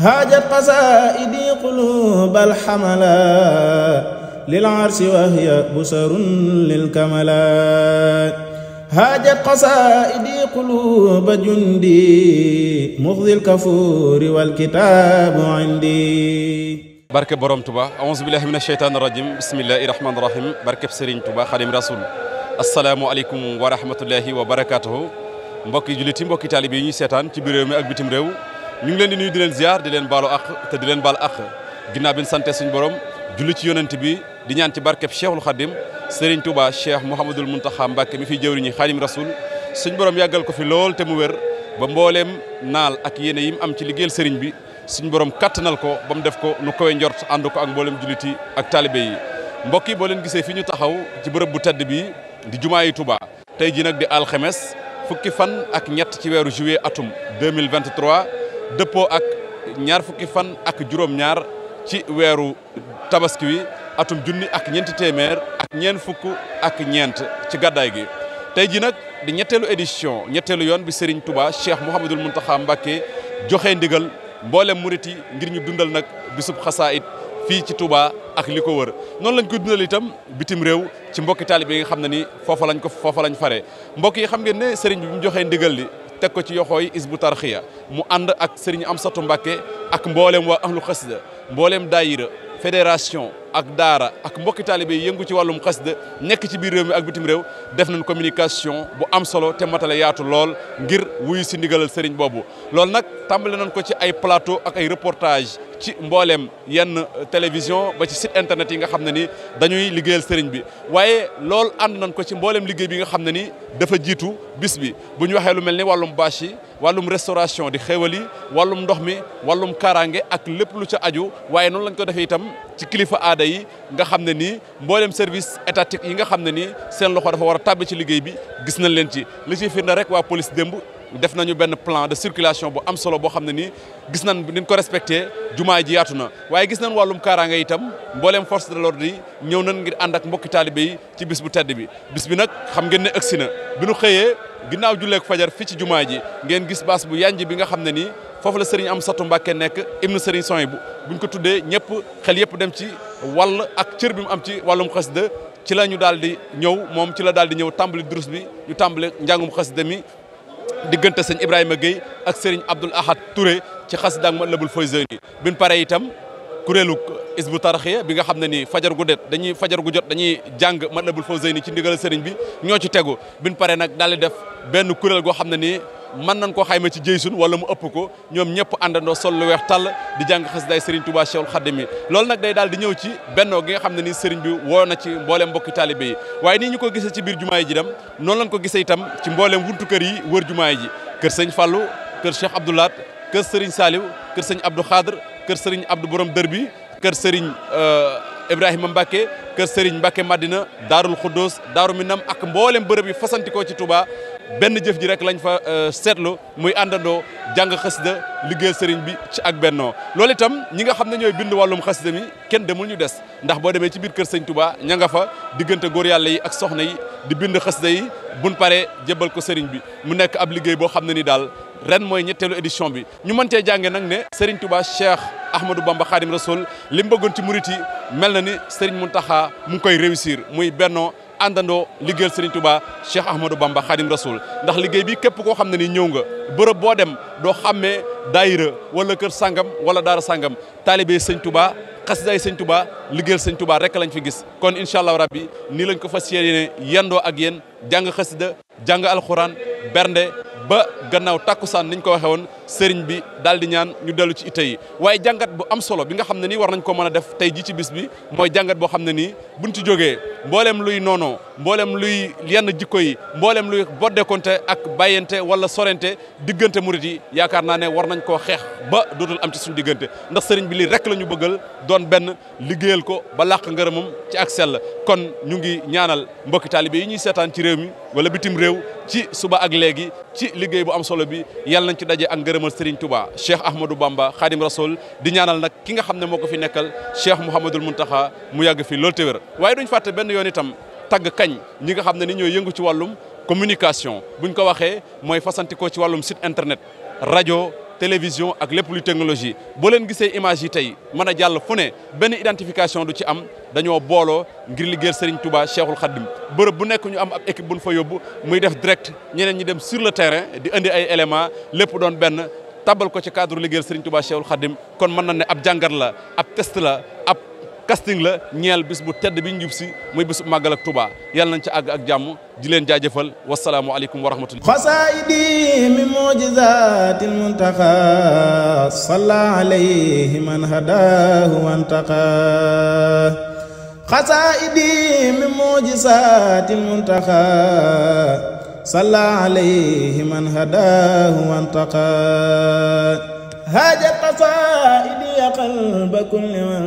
هاجت قصائدي قلوب الحملا للعرس وهي بسر للكملا هاجت قصائدي قلوب جندي مخذ الكفور والكتاب عندي بارك بروم توبا اعوذ بالله من الشيطان الرجيم بسم الله الرحمن الرحيم بارك بسرين توبا خادم رسول السلام عليكم ورحمه الله وبركاته مبوكي جوليتي مبوكي طالبي ني سيتان تي بيرو مي اك بيتم ريو ñu ngi leen di nuyu di leen ziar di leen baalu àq te di leen baal àq ginnaaw bi ñu sante suñu borom julli ci yonent bi di ñaan ci barkeb Cheikhul Khadim Serigne Touba Cheikh Mouhamadul Mountakha Mbacké mi fi jëwriñi Xaadim Rasul suñ borom yàggal ko fi lool te mu wér ba mbooleem naal ak yéene yi mu am ci liggéeyal Serigne bi suñ borom kattanal ko ba mu def ko nu kowe njort ànd ko ak mbooleem julliti ak taalibe yi mbokk yi boo leen gisee fi ñu taxaw ci bërëb bu tedd bi di jumaa yi Touba tey ji nag di alxemes fukki fan ak ñett ci weeru juillet atum 2023 dëppoo ak ñaar fukki fan ak juróom-ñaar ci weeru tabaski wi atum junni ak ñeenti téeméer ak ñeent fukk ak ñeent ci gàddaay gi. tey ji nag di ñetteelu édition ñetteelu yoon bi Serigne Touba Cheikh Mouhamadul Mountakha Mbacké joxe ndigal mboolem murit ngir ñu dundal nag bisub it fii ci Touba ak li ko wër noonu lañ koy dundal itam bitim réew ci mbokki taalibe yi nga xam ne ni foofa lañ ko foofa lañ fare mbokk yi xam ngeen ne Serigne bi mu joxee ndigal li teg ko ci yoxooy isbu tarxiya mu ànd ak sëriñ Amsatu Mbàkke ak mboolem waa ahlu xasida mbooleem daayira fédération ak daara ak mbokki taalibe yi yëngu ci wàllum xasida nekk ci biir réew mi ak bitim réew def nañ communication bu am solo te matale yaatu lool ngir wuyu si ndigalal sëriñ boobu loolu nag tàmbale nañ ko ci ay plateau ak ay reportage ci mbooleem yenn télévision ba ci site internet yi nga xam ne ni dañuy liggéeyal sëriñ bi waaye loolu ànd nañ ko ci mbooleem liggéey bi nga xam ne ni dafa jiitu bis bi bu ñu waxee lu mel ni wàllum bâche yi wàllum restauration di xéewal yi wàllum ndox mi wallum kaaraange ak lépp lu ci aju waaye noonu lañ ko defee itam ci kilifa aada yi nga xam ne ni mbooleem service étatique yi nga xam ne ni seen loxo dafa war a tàbbi ci liggéey bi gis nañ leen ci li ciy firnde rek waa police démb def nañu benn plan de circulation bu am solo boo xam ne nii gis nañ ni ko respecte jumaa ji yaatu na waaye gis nañ wàllum kaaraanga itam mbooleem force de l'ordre yi ñëw nañ ngir ànd ak mbokki taalibe yi ci bis bu tedd bi bis bi nag xam ngeen ne ëgsi na bi nu xëyee ginnaaw julleek fajar fii ci jumaa ji ngeen gis baas bu yanj bi nga xam ne nii foofu la am satu Mbacké nekk ibnu Serigne Soy bu buñ ko tuddee ñëpp xel yëpp dem ci wal ak cër bi mu am ci wàllum xasida ci la ñu daal di ñëw moom ci la daal di ñëw tàmbali durus bi ñu tàmbali njàngum xasida mi diggante sëñ Ibrahima Gueye ak sëriñ Abdoul Ahad Touré ci xas daag ma lëbul foy zeyni bin pare itam kuréelu isbu tarxiya bi nga xam ne nii fajar gu det dañuy fajar gu jot dañuy jàng Matlabul Fawzayni ci ndigal sëriñ bi ñoo ci tegu bin pare nag daal di def benn kuréel goo xam ne ni mën nañ ko xayma ci sun wala mu ëpp ko ñoom ñëpp àndandoo sol lu weex tàll di jàng xasidaay sëriñ Tuubaa Cheikhul Xadim yi lool nag day daal di ñëw ci bennoo gi nga xam ne nii sëriñ bi woo na ci mbooleem mbokki taalibe yi waaye nii ñu ko gisee ci biir jumaa ji dem noonu lañ ko gisee itam ci mbooleem wuntu kër yi wër jumaa ji kër sëñ Fallou kër Cheikh Abdoulaat kër sëriñ Saliou kër sëñ Abdou Khadr kër Serigne Abdou Borom Dër bi kër Serigne euh, Ibrahima Mbacke kër Serigne Mbacke Madina Daarul Xuddoos Daaru nam ak mboolem bërëb yi fasantikoo ci tubaa benn jëf ji rek lañ fa euh, seetlu muy àndandoo jàng xasida liggéey Serigne bi ci ak bennoo loolu itam ñi nga xam ne ñooy bind wàllum xasida mi kenn demul ñu des ndax boo demee ci biir kër Serigne tubaa ña nga fa diggante góor yàlla yi ak soxna yi di bind xasida yi bun paree jébbal ko sëriñ bi mu nekk ab liggéey boo xam ne ni daal ren mooy ñetteelu édition bi ñu mën cee jàngee nag ne Serigne Touba Cheikh Ahmadou Bamba Khadim Rasoul li mu bëggoon ci murit mel na ni Serigne Mountakha Touba mu ngi koy réussir muy bennoo àndandoo liggéeyal Serigne Touba Cheikh Ahmadou Bamba Khadim Rasoul ndax liggéey bi képp koo xam ne ni ñëw nga bërëb boo dem doo xàmmee daayira wala kër sangam wala daara sangam taalibe Serigne Touba xasidaay sañ Touba liggéey sañ Touba rek lañ fi gis. kon incha allah rabbi nii lañ ko fas yéene yendoo ak yéen jàng xasida jàng alxuraan bernde. ba gannaaw tàkkusaan niñ ko waxee woon sëriñ bi daal di ñaan ñu dellu ci ite yi waaye jàngat bu am solo bi nga xam ne nii war nañ ko mën a def tey ji ci bis bi mooy jàngat boo xam ne nii bu buñ ci jógee mbooleem luy noonoo mbooleem luy yenn jikko yi mboolem luy boddekonte ak bàyyante wala sorente diggante murit yi yaakaar naa ne war nañ koo xeex ba dootul am ci suñu diggante ndax sëriñ bi lii rek la ñu bëggal doon benn liggéeyal ko ba làq ngërëmam ci ak sell kon ñu ngi ñaanal mbokki taalibe yi ñuy seetaan ci réew mi wala bitim réew ci suba ak léegi ci liggéey bu am solo bi yàlla nañ ci daje ak ngërëmal sëriñ tuba Cheikh Ahmadou Bamba Khadim Rasoul di ñaanal na ki nga xam ne moo ko fi nekkal Cheikh Mouhamadul Mountakha mu yàgg fi loolu te waaye duñ fàtte benn yoon itam tagg kañ ñi nga xam ne ni ñoo yëngu ci wàllum communication buñ ko waxee mooy fasantikoo ci wàllum site internet rajo télévision ak lépp lu technologie boo leen gisee image yi tey mën a jàll fu ne benn identification du ci am dañoo booloo ngir liggéeyal Serigne Touba Cheikhul Khadim bërëb bu nekk ñu am ab équipe bu ñu fa yóbbu muy def direct ñeneen ñi dem sur le terrain di indi ay éléments lépp doon benn tabal ko ci cadre liggéeyal Serigne Touba Cheikhul xaddim kon mën na ne ab jàngat la ab test la casting la ñeel bis bu tedd bi ñu jub si muy bis bu màggal ak Touba yàlla nañ ci àgg ak jàmm di leen jaajëfal wasalaamu aleykum wa rahmatullah xasaayidi mi mujizatil muntaqa salla alayhi man hadahu wantaqa xasaayidi mi mujizatil muntaqa salla alayhi man hadahu wantaqa haja qasaidi ya qalba kulli man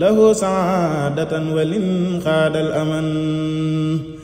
له سعادة ولن خاد الأمن